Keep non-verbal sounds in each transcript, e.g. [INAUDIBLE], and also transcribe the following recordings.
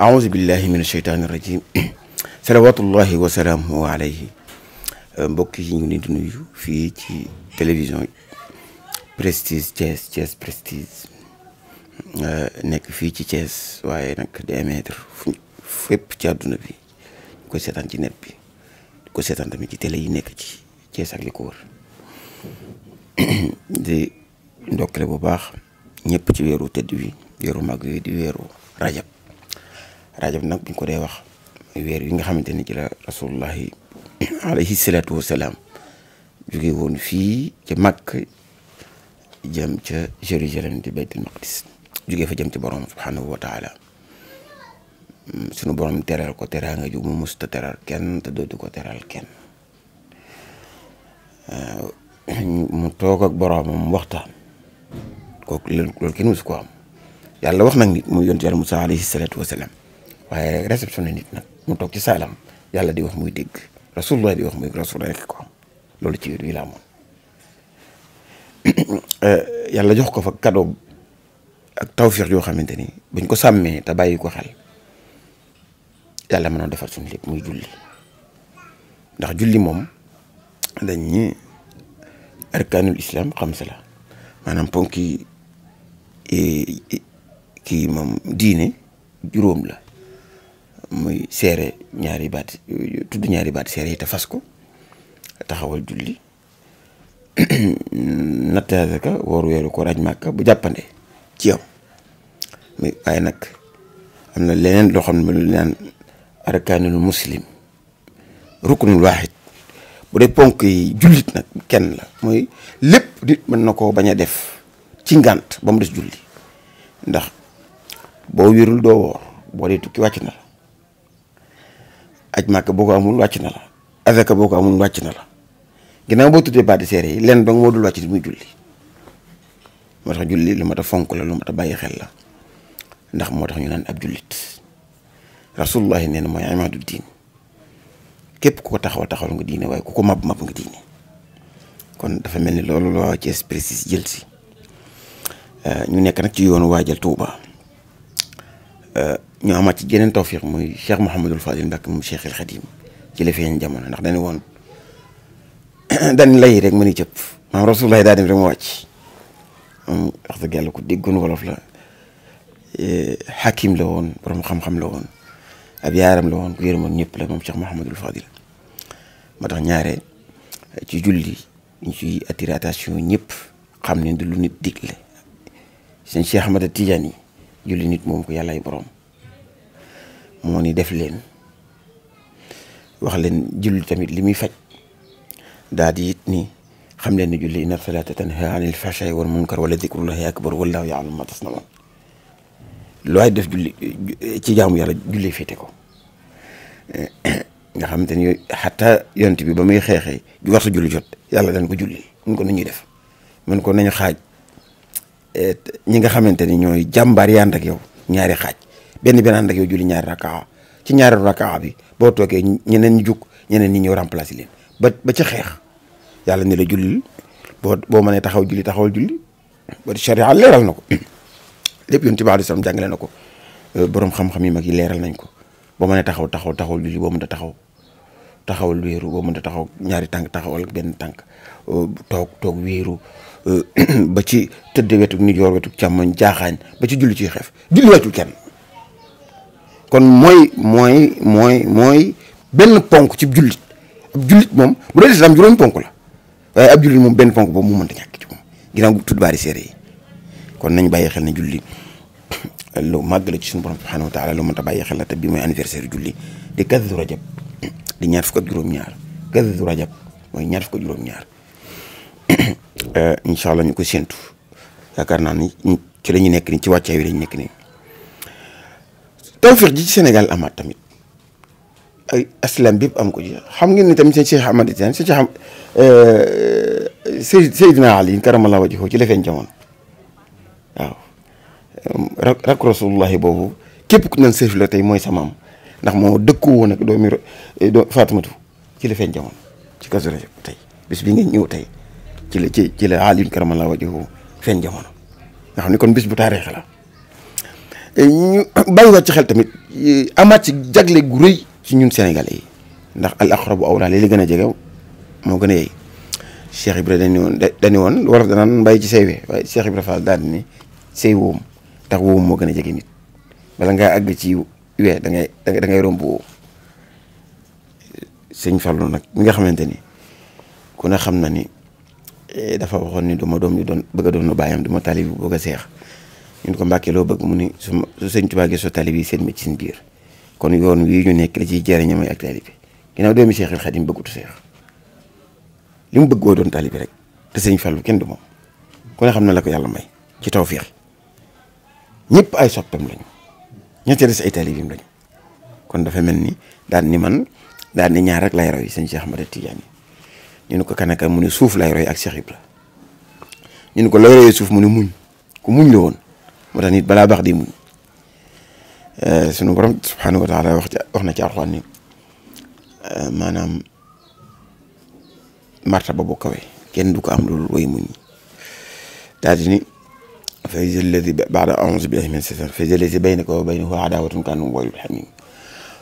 aouzu billahi min asheytaani rajim [CLEARS THROAT] salawatullahi wasalaamu alayhi euh, mbokk yi ñu ngi nuyu fii ci télévision Prestige Thiès Thiès Prestige euh, nekk fii ci Thiès waaye nag di émettre fu ci àdduna bi ñu koy ci net bi di ko seetaan tamit ci télé yi nekk ci Thiès ak li ko wër [CLEARS THROAT] bu baax ñëpp ci weeru tëdd wi weeru mag wi di weeru rajab rajab nak buñ ko day wax muy weer yi nga xamanteni ci la rasulullahi alayhi salatu wasalaam jóge won fi ci mak jëm ci Jérusalem di bayt al maqdis jóge fa jëm ci borom subhanahu wa taala sunu borom teral ko teraanga ju mu musta teral kenn te dootu ko teral kenn mu toog ak boromam waxtaan kooku loolu kenn musu ko am yàlla wax nak nit mu yonent yàlla musa alayhi salatu wasalaam waaye réceptionné nit nag mu toog ci saalam yàlla di wax muy dégg rasulullah di wax muy rasul rek ko am loolu ci wér wi laa moom yàlla jox ko fa cadeau ak tawfiix yoo xamante ni buñ ko sàmmee te bàyyi ko xel yàlla mënoo defar suñu lépp muy julli ndax julli moom dañ ñi arkaanul islam xamsa la maanaam ponki kii moom diine juróom la muy seere ñaari baat tudd ñaari baat seere yi te fas ko taxawal julli [CLEARS THROAT] natta ka woor weeru ko raj màkka bu jàppande ci yow muy waaye nag am na leneen loo xam ne lu naan arkaanul muslim ruknul bu dee ponk yi jullit nag kenn la mooy lépp nit mën na koo bañ a def ci ngànt ba mu des julli ndax boo wérul doo woor boo dee tukki wàcc na aj màkk boo ko amul wàcc na la azaka boo ko amul wàcc na la ginnaaw boo tuddee baati seere yi lenn dong moo dul wàcc di muy julli moo tax julli lu mat a fonk la lu mat a bàyyi xel la ndax moo tax ñu naan ab jullit rasulullahi nee na mooy imaadu diin képp ko taxaw taxawal nga diine waaye ku ko mab mab nga diine kon dafa mel ni loolu la waa Thiès précise jël si euh, ñu nekk nag ci yoonu waajal Touba. Euh, ñu amaat ci geneen tawfiq muy Cheikh Mouhamadul Fadil Mbacke moom Cheikh El Khadim ci la feeñ jamono ndax dañu woon dañ lay rek mën a jëpp maam Rasulullah daa dem rek mu wàcc moom wax dëgg yàlla ku déggoon wolof la xakim la woon borom xam-xam la woon ab yaaram la woon ku yërëmoon ñëpp la moom Cheikh Mouhamadul Fadil moo tax ñaare ci julli ñu ciy attiré attention ñëpp xam ne du lu nit digle seen Cheikh Ahmada Tidiane yi julli nit moom ko yàllaay borom. moo ni def leen wax leen julli tamit li muy faj daal di it ni xam leen ni julli inna salaata tanha anil fahshaai wal munkar wala dikrullahi akbar wallahu ya'lamu ma tasnaun looy def julli ci jaamu yàlla julli féete ko nga xamante ni xataa yonent bi ba muy xeexee war sa julli jot yàlla dañ ko julli mun ko nu ñuy def mun ko nañu xaaj ñi nga xamante ni ñooy jàmbaar yi ànd ak yow ñaari xaaj benn benn ànd ak yow julli ñaari rakaa ci ñaareelu rakaa bi boo toogee ñeneen ñu jug ñeneen ñi ñëw remplacer leen ba ba ci xeex yàlla ni la jullil boo boo mënee taxaw julli taxawal julli ba charia leeral na ko [CLEARS THROAT] lépp yonent bi alayhi salaam na ko euh, borom xam yi mag yi leeral nañ ko boo mënee taxaw taxaw taxawal julli boo mën a taxaw taxawal wéeru boo mën a taxaw ñaari tànk taxawal benn tànk euh, toog toog wéeru euh, [CLEARS THROAT] ba ci tëdd wetu nijoor wetu càmmoñ jaaxaan ba ci julli ci xeef julli wàccul kenn kon mooy mooy mooy mooy benn ponk ci jullit ab moom bu dee lislaam juróomi ponk la waaye ab jullit moom benn ponk boobu mu mënta ñàkk ci moom ginnaaw tudd baari seere yi kon nañ bàyyi xel ne julli lu màgg la ci suñu borom subhanahu wa taala lu mënta bàyyi xel la te bi mooy anniversaire julli di kazu rajab di ñaar fukk ak juróom-ñaar kazu rajab mooy ñaar fukk ak juróom-ñaar [COUGHS] eh, incha allah ñu ko séntu yaakaar naa ni ci la ñu nekk nii ci wàccaay wi la nekk nii tawféex ji ci Sénégal amaat tamit ay aslam bi am ko ji xam ngeen ni tamit seen Cheikh Ahmad Tidiane seen Cheikh euh, Seyd Seydina Ali karamallahu wajhahu ci la feeñ jamono waaw rak rak rasulullahi boobu képp ku naan sëf tey mooy sa maam ndax moo dëkku woon ak doomi eh, Faatimatu ci la feeñ jamono ci Kazu Rajab tey bis bi ngeen ñëw tey ci la ci ci la Ali karamallahu wajhahu feeñ jamono nga xam ni kon bis bu taarix la. ñu bàyyiwaat ci xel tamit amaat ci jagle gu ci ñun senegal yi ndax al aqrabu awlaa li gën a jege moo gën a yey Cheikh Ibra dañu woon dañu woon war danaan mbay ci seywee waaye Cheikh Ibra Fall ni sey woom tax woom moo gën jege nit bala ngaa àgg ci wee da da ngay romb woowu sëñ Fallou nag mi nga xamante ni ku ne xam na ni eh, dafa waxoon ni du doom ñu doon bëgg doon nu du ma taalib bu a seex ñu ko mbàkkee loo bëgg mu ni su su sëñ Tuubaa gisoo tali seen médecine biir kon yoon wii ñu nekk la ciy jëriñoo mooy ak tali bi ginnaaw doomi Seexul Xadim bëggutu seex li mu bëggoo doon tali rek te sëñ kenn du moom ku ne xam na la ko yàlla may ci tawfeex ñëpp ay soppam lañu ña ca des ay talibeem lañu kon dafa mel ni daan ni man daan ni ñaar rek lay roy sëñ Cheikh Ahmada Tidiane ñu ne ko kanaka mu ne suuf lay roy ak Cheikh la ñu ne ko lay royee suuf mu ne muñ ku la woon. moo tax nit balaa baax di muñ sunu borom subhanahu wa taala wax wax na ci alxuraan ni maanaam martaba bu kawe kenn du ko am loolu way muñ daal di ni fa iza alladi baada auzu billahi min satan fa iza alladi baynaka wa baynahu adawatun kaannahu waliyyun hamim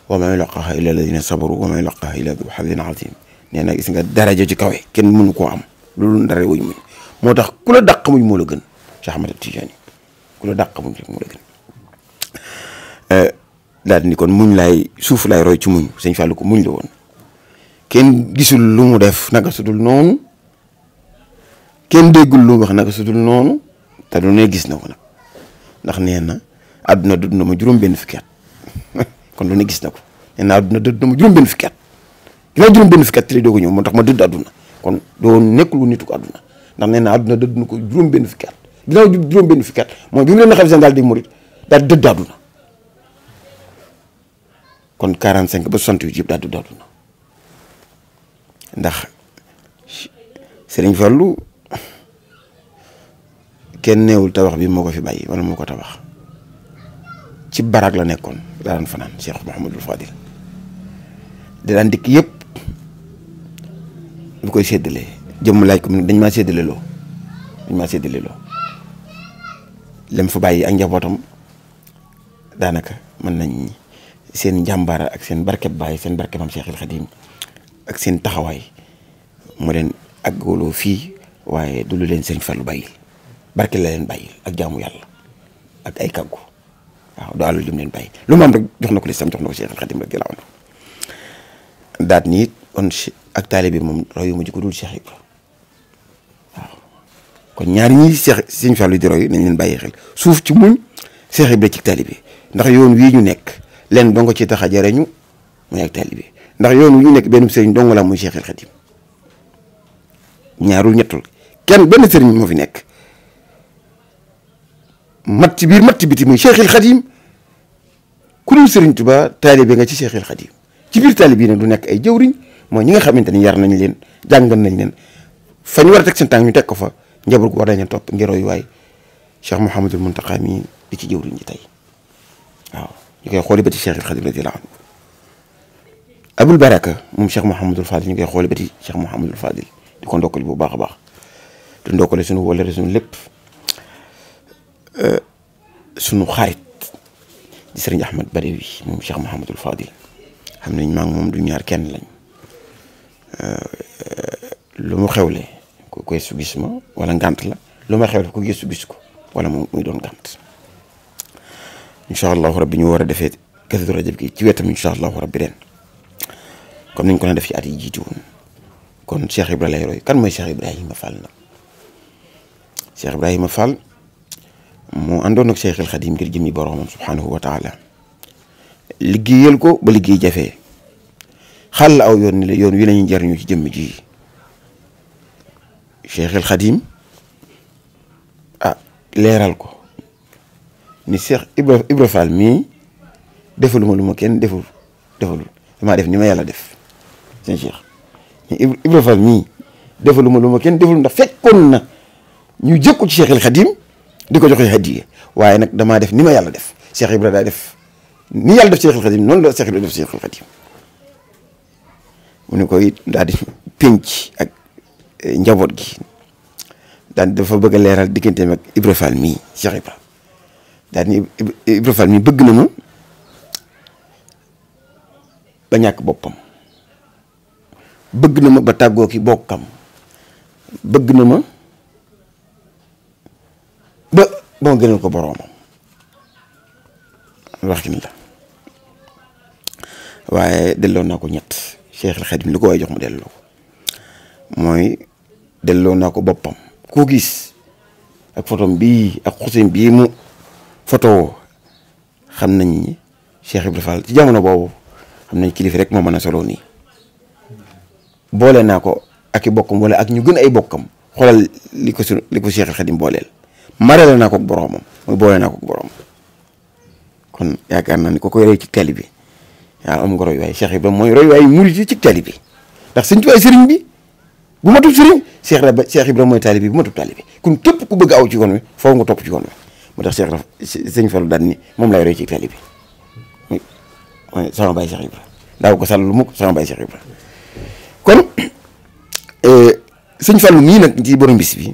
wa ma yulaqaha illa alladina sabaru wa ma yulaqaha illa du xabdin azim nee na gis nga daraja ci kawe kenn mënu koo am loolu ndare way muñ moo tax ku la dàq muñ moo la gën Cheikh Ahmad Tijani ku la dàq muñ rek mu euh, la ni kon muñ laay ci muñ sëñ ko mu la kenn gisul lu mu def naka sudul noonu kenn déggul lu mu wax naka sudul noonu te du ne gis na ko nag ndax nee na àdduna dund na ma juróom-benn fukki at [LAUGHS] kon lu ne gis na ko nee na àdduna dund na ma juróom-benn fukki at ginnaaw juróom-benn fukki at te doo ko ñëw moo tax ma dëdd àdduna kon doo nekkul wu nitu ko àdduna ndax nee na àdduna dëdd na ko juróom-benn fukki at dinaa juróom-benn fukki mooy bi mu leen xalifa général des mourides daal dëdd àdduna kon 45 ba 68 yëpp daal dëdd àdduna ndax Serigne Fallou kenn newul tabax bi moo ko fi bàyyi wala moo ko tabax ci barak la nekkoon daa daan fanaan Cheikh Mouhamadul Fadil da daan dikk yëpp bu koy séddalee jëmm laaj ko dañ maa séddale loo dañ maa séddale loo lim fa bàyyi ak njabotam danaka man nañ seen jambar ak seen barke baye seen barke barkebam Cheikhul Khadim ak seen taxaway mu len agolo fi waye du lu leen sëriñ Fallu bàyyil barke la len bàyyil ak jamu yàlla ak ay kàggu waaw du àllu jum leen bàyyi lu mu rek jox nako ko lislam jox nako ko Cheikhul Khadim rek jëlaat dat ni on ak talibi mom moom royu ma ji ko dul Cheikh kon ñaari ñi seex Sëñ Fallu di yi nañ leen bàyyi xel suuf ci muñ seex Ibra ci taalibe ndax yoon wii ñu nekk leen dong ci tax a jariñu mooy ak taalibe ndax yoon wi ñu nekk benn sëriñ dong la muy Seexul Xadim ñaarul ñettul kenn benn sëriñ moo fi nekk mat ci biir mat ci biti muy Seexul Xadim ku dul sëriñ Tuubaa taalibe nga ci Seexul Xadim ci biir taalibe yi nag du nekk ay jëwriñ mooy ñi nga xamante ni yar nañ leen jàngal nañ leen fañ war a teg seen tànk ñu teg ko fa njabur gu war nañu topp ngir way Cheikh mohammed al muntakami di ci jewri ni tay waaw ñu koy xooli ba Cheikh khadim radi anhu Abul Baraka mum Cheikh mohammed al Fadil ñu koy xooli ba cheikh mohammed al Fadil di ko ndokkale bu baax baax di ndokkale suñu wala suñu lépp euh suñu xarit di serigne ahmed barewi mum Cheikh mohammed al Fadil xam nañ maa ngi moom du ñaar kenn lañ euh lu mu xewle ko yeesu gis ma wala ngànt la lu ma xew def ko yeesu gis ko wala moom muy doon ngànt incha allahu rabbi ñu war a defee kasatu rajab gi ci wetam incha allahu rabbi ren comme niñ ko na def ci at yi jiitu woon kon Cheikh Ibra lay roy kan mooy Cheikh Ibrahima Fall nag Cheikh Ibrahima Fall moo àndoon ak Cheikh al Xadim ngir jëmmi boroomam subhanahu wa taala liggéeyal ko ba liggéey jafee xàll aw yoon yoon wi lañuy jariñu ci jëmm ji شيخ الخديم ليرالكو ني شيخ ابراهيم ابراهيم فالمي ديفو لوما لوما كين ديفو ديفو ما ديف نيما يالا ديف سي شيخ ابراهيم فالمي ديفو لوما لوما كين ديفو ندا فيكون ني جيكو شيخ الخديم ديكو جوخي هديه واي نك دا ما ديف نيما يالا ديف شيخ ابراهيم دا ديف ني يالا ديف شيخ الخديم نون لا شيخ ديف شيخ الخديم مونيكو يي دا ديف بينك اك njaboot gi daan dafa bëgg a leeral digganteem ak Ibra Fall mii Cheikh Ibra daan ni Ibra Fall mii bëgg na ma ba ñàkk boppam bëgg na ma ba tàggoo ki bokkam bëgg na ma ba ba ma gënal ko boroomam waxin waaye delloo naa ko ñett Cheikh al Xadim ko waay jox mu delloo mooy delloo naa ko boppam koo gis ak photom bii ak xusin bii mu photo xam nañ ni Cheikh Ibra Fall ci jamono boobu xam nañ kilifa rek moo mën a soloo nii boole naa ko ak i bokkam wala ak ñu gën ay bokkam xoolal li ko su li ko Cheikh Xadim booleel marale naa ko boroomam mooy boole naa ko boroom kon yaakaar naa ne ko koy roy ci tali bi yaa am nga roy waaye Cheikh mooy roy waaye murit ci tali bi ndax sëñ tuwaay sëriñ bi bu matub sëriñ Cheikh Rab Cheikh Ibrahima mooy taalibe bi bu matub taalibe kon képp ku bëgg aw ci yoon wi foofu nga topp ci yoon wi moo tax Cheikh Rab sëñ Fallou daan ni moom lay roy ci taalibe bi mooy ko sàll lu mukk sama baay Cheikh Ibrahima kon [COUGHS] euh, sëñ Fallou nag ci borom bis bi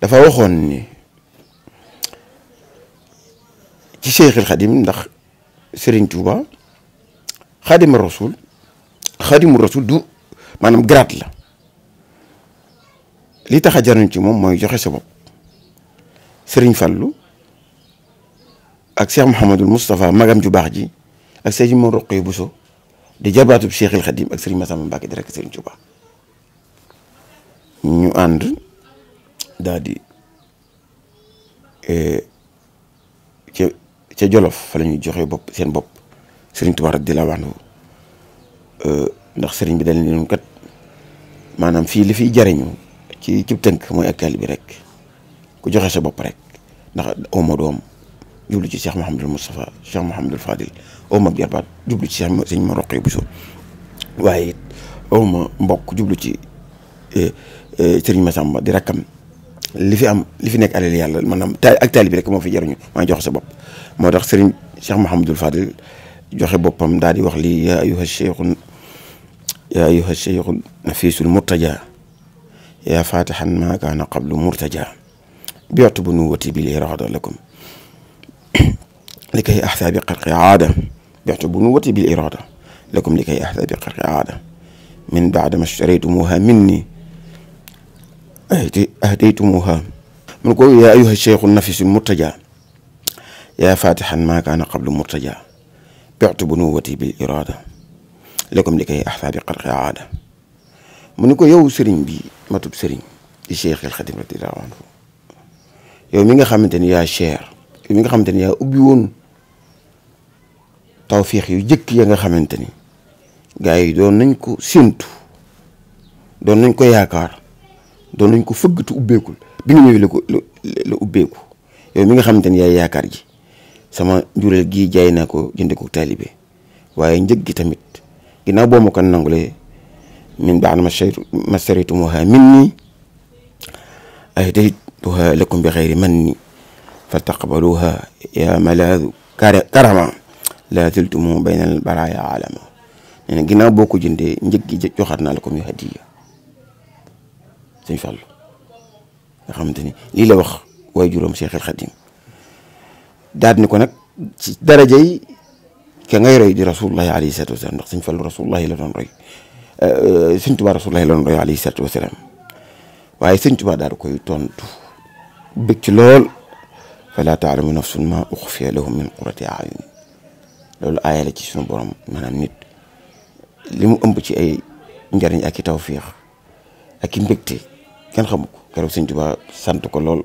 dafa waxoon ni ci Cheikhul Khadim ndax Serigne Touba Khadimou Rassoul Khadimou Rassoul du maanaam grade la li tax a jariñ ci moom mooy joxe sa bopp Serigne Fallou ak Cheikh Mouhamadul Moustapha magam jubaax baax ji ak Serigne Mor Roqee Bousso di jabaatub Cheikhil Khadim ak Serigne Massamba Mbacké di rek Serigne Touba ñu ànd daal di e, ca Jolof fa la ñuy joxe bopp seen bopp Serigne di la anhu e, ndax Serigne bi dañ leen kat maanaam fii li fiy jariñu ci cib tënk mooy ak taalibe rek ku joxe sa bopp rek ndax oma doom jublu ci Cheikh Mouhamadul Moustapha Cheikh Mouhamadul Fadil oma jarbaat jublu ci Cheikh sëñ ma roqee bu so waaye it oma jublu ci sëriñ Masamba di rakkam li fi am li fi nekk alal yàlla maanaam ak taalibe rek moo fi jaruñu maa joxe sa bopp moo tax Cheikh Mouhamadul Fadil joxe boppam daal wax lii yaa ayuha cheikhun yaa ayuha cheikhun nafisul murtaja يا فاتحا ما كان قبل مرتجا بعت بنوتي بالإرادة لكم لكي أحثى بقرق عادة بعت بنوتي بالإرادة لكم لكي أحثى بقرق عادة من بعد ما اشتريتموها مني أهديتموها من قول يا أيها الشيخ النفس المرتجى يا فاتحا ما كان قبل مرتجى بعت بنوتي بالإرادة لكم لكي أحثى بقرق عادة من قول يا سرين بي matub sëriñ di Cheikh El Khadim radiyallahu anhu yow mi nga xamante ni yaa cher yow mi nga xamante ni yaa ubbi woon tawfiix yu jëkk ya nga xamante ni gars yi doon nañ ko séntu doon nañ ko yaakaar doon nañ ko fëggatu ubbeekul bi nga ñëwee la ko la ubbeeku yow mi nga xamante ni yaay yaakaar ji sama njureel gii jaay naa ko jënde ko taalibe waaye njëg gi tamit ginnaaw boo ma ko nangulee من بعد ما مسرتموها مني أهديتها لكم بغير مني فتقبلوها يا ملاذ كرما لا زلتم بين البرايا عالما انا جينا بوكو جندي نجي جوخرنا لكم هدية سي فال رحمتني لي لا واخ وايجورم شيخ الخديم دادني نكو نك درجه كي غير رسول الله عليه الصلاه والسلام سي فال رسول الله لا دون sëñ Tuubaa Rasulullaahi la doon roy alayhi salaatu wa salaam waaye sëñ Tuubaa daal koy tontu bëgg ci lool falaa taalamu nafsun maa uxfiya lahum min qurrati ayun loolu aaya la ci suñu borom maanaam nit li mu ëmb ci ay njariñ ak i tawfiix ak i mbégte kenn xamu ko keroog sëñ Tuubaa sant ko lool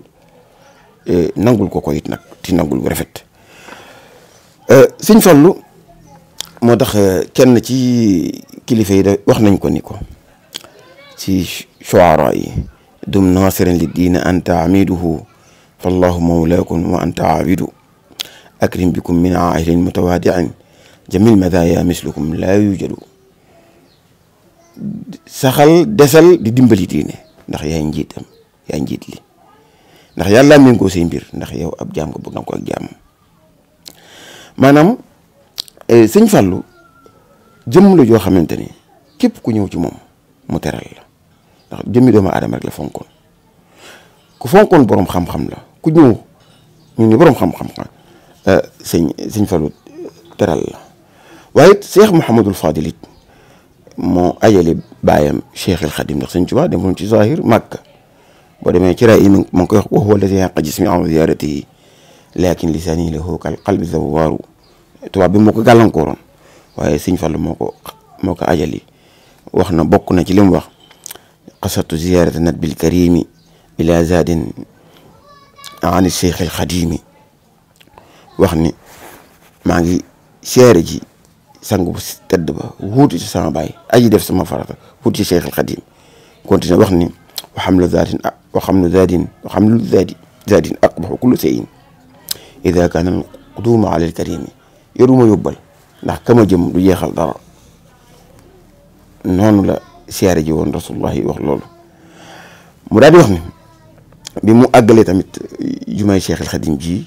nangul ko ko it nag ti nangul bu rafet sëñ Fallu motax kenn ci kilifa yi wax nañ ko niko ci shuara yi dum nasirin li diine anta amiduhu fallahu mawlaakum wa anta abidu akrim bikum min aahilin mutawadi'in jamil madaya mislukum la yujadu saxal desal di dimbali diine ndax yaay njitam yaay njit li ndax yàlla méngoo sey mbir ndax yow ab jaam nga bëgg na ko ak jam manam seigne Fallou jëm lu jo xamanteni kep ku ñëw ci mom mu teral la ndax jëmi dooma adam rek la fonkon ku fonkon borom xam-xam la ku ñëw ñu ni borom xam-xam euh seigne seigne Fallou teral la waye cheikh Cheikh al Fadil mo ayele bayam Cheikh al Khadim ndax seigne touba demoon ci Zahir Màkka bo demé ci ray mo ngi koy wax wa huwa alladhi yaqqa jismi an ziyaratihi lakin lisani lahu kal qalbi zawaaru tubaab bi moko ko waye seigne fall moko moko ko moo ko ajali wax na na ci lim wax qasatu ziyarat nat bil karimi ila zad an cheikh al xadimi wax ni maa ngi seere ji sangu tedd ba wuti ci sama bay aji def sama farata wuti ci cheikh al xadim continue hamlu ni wa hamlu waxamlu wa hamlu zaadi zaadin akbaxu kullu shay'in اذا كان القدوم على الكريم يروم يقبل ده كم جم يخل دار نحن لا سيار جون رسول الله وخلول مراد يخني بمو أقل تمت جمع الشيخ الخديم جي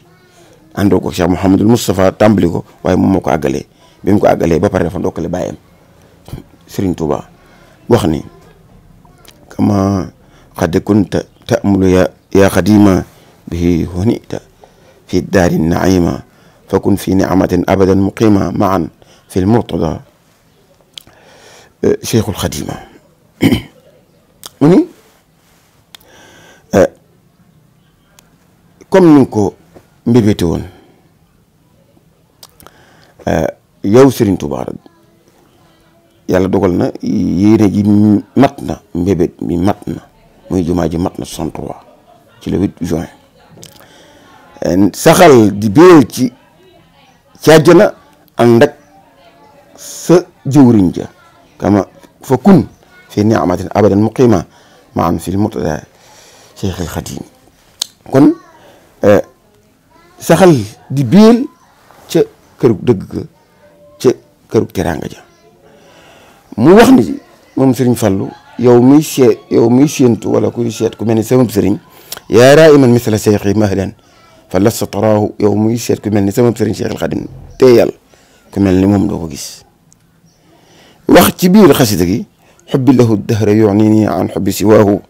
عندك الشيخ محمد المصطفى تامبليكو وهم مو كأقل بمو كأقل بفرق فندق لبايم سرين توبا وخني كما قد كنت تأمل يا يا خديمة به هنيت في الدار النعيمة فكن في نعمة أبدا مقيمة معا في المرتضى أه، شيخ الخديمة [COUGHS] مني أه، كم نكو ببيتون أه، يوسر انتو بارد يالا دوغلنا ييري جي ماتنا مبيت مي ماتنا مي جمعة جي ماتنا 63 تي لو 8 جوان سخال دي بيل تي ci àjjana ànd ak sa jëwriñ ja kama fa kun fi niamatin abadan muqima maan fil murtada cheikh al xadim kon eh, saxal di biel ca kërug dëgg ga ca kërug teraanga ja mu wax ni moom sëriñ Fallu yow miy seet yow miy séentu wala kuy seet ku mel ni sama sëriñ yaa raa iman misala cheikh yi mahlan fa lasta taraahu yow muy seet ku mel ni sama sëriñ Cheikh al Xadim te yàlla ku mel ni moom doo ko gis wax ci biir xasida gi xubbi lahu dahra yunini an xubbi siwaahu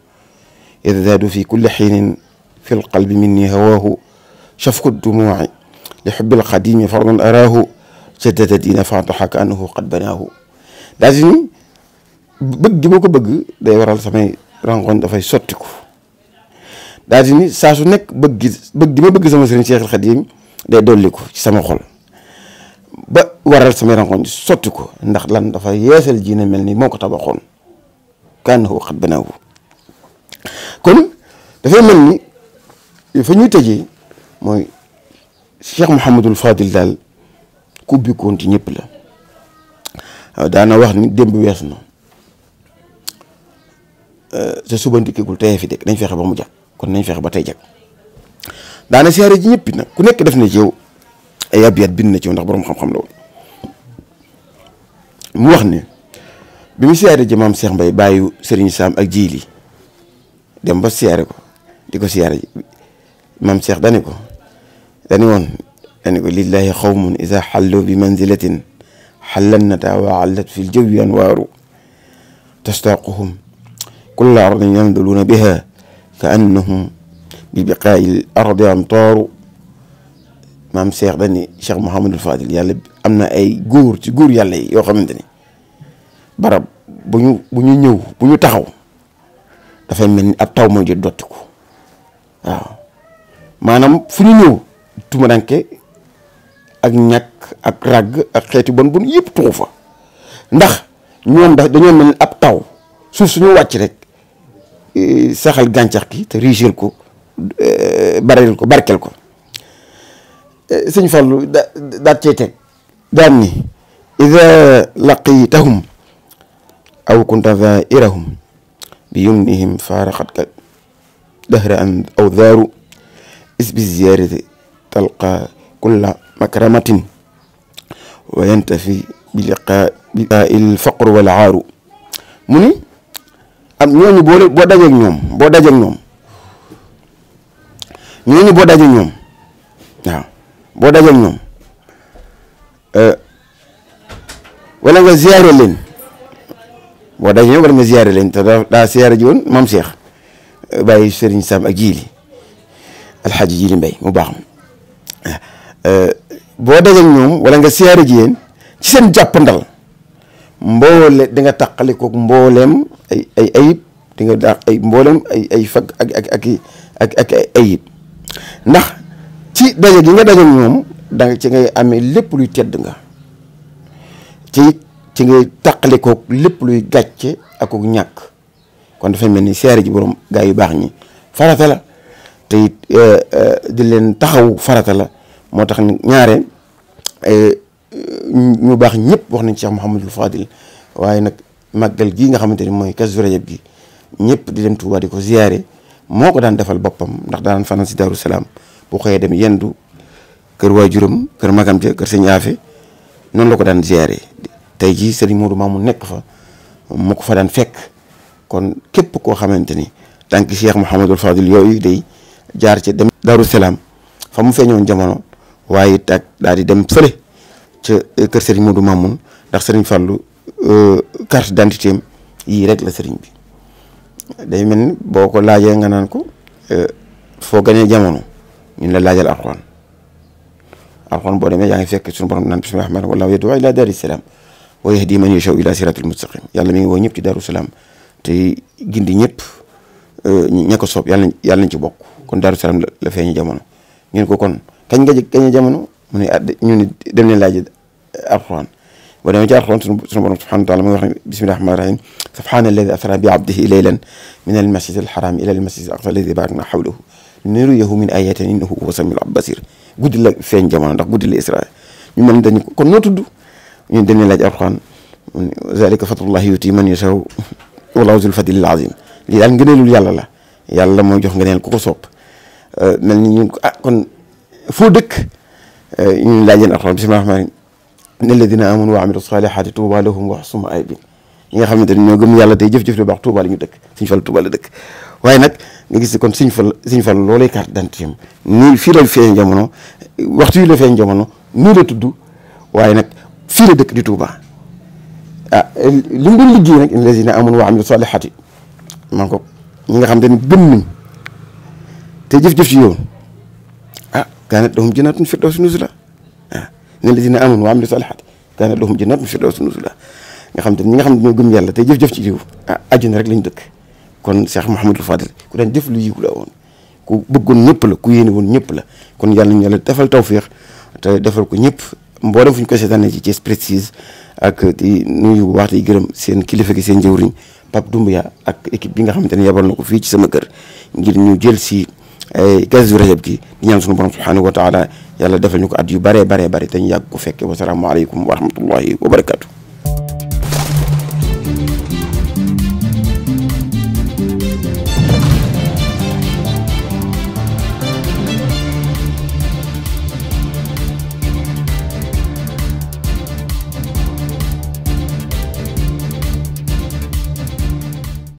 yazdaadu fi kulli xiinin fi lqalbi minni hawaahu shafku dumuuci li xubbil xadimi fardan araahu jaddada diina faataxa ka annahu qad banaahu daa si ni bëgg gi ma ko bëgg day waral samay rangoon dafay sottiku daa di ni saa su nekk bëgg bëgg di ma bëgg sama sëriñ Cheikh Khadim day dolliku ci sama xol ba waral sama rangoñ sotti ko ndax lan dafa yeesal ji na mel ni moo ko tabaxoon kan huwa qad banaahu kon dafay mel ni fa ñuy tëjee mooy Cheikh Mouhamadul Fadil daal ku bikkoon ci ñëpp la daana wax ni démb wees na te suba ndikkigul tey fi de dañ fexe ba mu jàpp kon nañ fexe ba tey jag daana siyaare ji ñëpp nag ku nekk def na ci yow ay abiyat bind na ci yow ndax borom xam-xam la woon mu wax ne bi mu siyaare ji maam Cheikh mbay bàyyi Serigne Sam ak Jili dem ba siyaare ko di ko siyaare ji maam Cheikh dani ko dani woon dani ko lillahi xawmun ida xallu bi manzilatin xallannata wa allat fi ljawi anwaaru tastaquhum kulla ardin yamduluuna biha كأنهم ببقاء am أمطار maam Cheikh dañ ni Cheikh Mouhamadul Fadil yàlla am na ay góor ci góor yàlla yi yoo xamante ni barab bu bu ñu ñëw bu ñu taxaw dafay mel ni ab taw moo jot dotti ko fu ñu ñëw tumuranke ak ñàkk ak ràgg ak xeeti bon bon yëpp tuxu fa ndax ñoon da dañoo mel ni ab taw suuf suñu wàcc rek saxal gàncax gi te rigel ko bareel ko barkel ko sëñ Fallu da daat cay teg daan ni ida laqitahum aw kunta zairahum bi yumnihim faaraxatka dahra an aw zaaru is bi ziyarati talqa kulla makramatin wa yantafi bi liqaa il faqru wal aaru mu ni am ñooñu boo boo dajeeg ñoom boo dajeeg ñoom ñooñu boo dajeeg ñoom boo dajeeg euh, ñoom wala nga ziare leen boo dajeeg ñoom wala nga ziare leen te daa daa ziare ji woon maam Cheikh euh, bàyyi Serigne Sam ak Jili Alxaaji Jili Mbay mu baax ma euh, boo dajeeg ñoom wala nga ziare ji ci seen jàppandal. mboole di nga tàqalikook mbooleem ay ay ayib dinga nga daax ay mbooleem ay ay fag ak ak ak ak ak ay ayib ndax ci daje gi nga daje ñoom da ci ngay amee lépp luy tedd nga ci ci ngay tàqalikook lépp luy gàcce ak ak ñàkk kon dafa mel ni seere ji borom gaa yu baax ñi farata la te it euh, euh, di leen taxaw farata la moo tax ñaare euh, ñu baax ñëpp wax nañ Cheikh Mouhamadul Fadil waaye nag màggal gii nga xamante ni mooy Kazu Rajab gi ñëpp di dem Touba di ko ziyaare moo ko daan defal boppam ndax daan fanaan si Daaru Salaam bu xëyee dem yendu kër waajuram kër magam ja kër sëñ Afe noonu la ko daan ziyaare tey jii Serigne Modou Mamoun nekk fa mu ko fa daan fekk kon képp koo xamante ni tànki Cheikh Mouhamadul Fadil yooyu day jaar ci dem Daaru Salaam fa mu feeñoon jamono waaye it ak ca euh, kër Serigne Modou Mamoun ndax Serigne Fallou euh, carte d'identité am yii rek la Serigne bi day mel ni boo ko laajee nga naan ko euh, foo gane jamono ñun la laajal alxuraan alxuraan boo demee yaa ngi fekk suñu borom naan bismillahi rahmaani wallaahu yad'u ilaa daari salaam wa yahdi man yashaa'u ilaa siraatil mustaqiim yàlla mi ngi woo ñëpp ci daaru salaam te gindi ñëpp ña ko soob yàlla yàlla ci bokk kon daaru salaam la feeñu jamono ñu ko kon kañ nga kañ jamono. mu ne ah ñu ne dem leen laaj alxuraan boo demee ci alxuraan sunu sunu borom subhaanahu wa taala mu ngi wax ne bismillahi rahmaani rahiim subhaana alladi asra bi abdihi laylan min al masjid al xaraam ila al masjid al aqsa alladi barakna xawlahu linuriyahu min ayatin innahu huwa samiul basir guddi la feeñ jamono ndax guddi la isra ñu mën dañu kon noo tudd ñu dem leen laaj alxuraan zalika fadlullahi yuti man yashaa wallahu zul fadlil azim lii daal ngëneelul yàlla la yàlla moo jox ngëneel ku ko soob mel ni ñun ah kon foo dëkk إن لا جن أقرب بسم الله الرحمن الذين آمنوا وعملوا الصالحات طوبى لهم وحسن مآب يا خالد مدري نيو غم يالا تي جيف جيف لو باخ طوبى لي دك سيني فال طوبى لي دك واي نك نيجي سي كون سيني فال سيني فال لولاي كارت دانتيم ني فيرال فين جامونو وقتي لو فين جامونو ني لا تودو واي نك فيرا دك دي طوبى لي ليغي نك الذين آمنوا وعملوا الصالحات مانكو نيغا خامدني بن تي جيف جيف يون كانت لهم جنات في الدوس نزلة آه. من الذين آمنوا وعملوا صالحات كانت لهم جنات في الدوس نزلة نخمد نخمد نقوم يلا تجف جف تجيو أجن رجل عندك كون شيخ محمد الفاضل كون جف لي يقول أون كو بقول نيبل كو يني بقول نيبل كون يلا يلا تفعل توفير تفعل كو نيب مبارم فين كاسة أنا جي جيس بريسيز أك دي نيو وات يجرم سين كلفة سين جورين باب دوم يا أك إكيب بينا خمد أنا يبغى نقول فيش سمعكر نيو جيل سي ay kazu rajab gi di ñaan sunu borom subhanahu wa taala yàlla defal ñu ko at yu baree baree bare te ñu yàgg ko fekke wasalaamualeykum wa rahmatullahi wa barakatu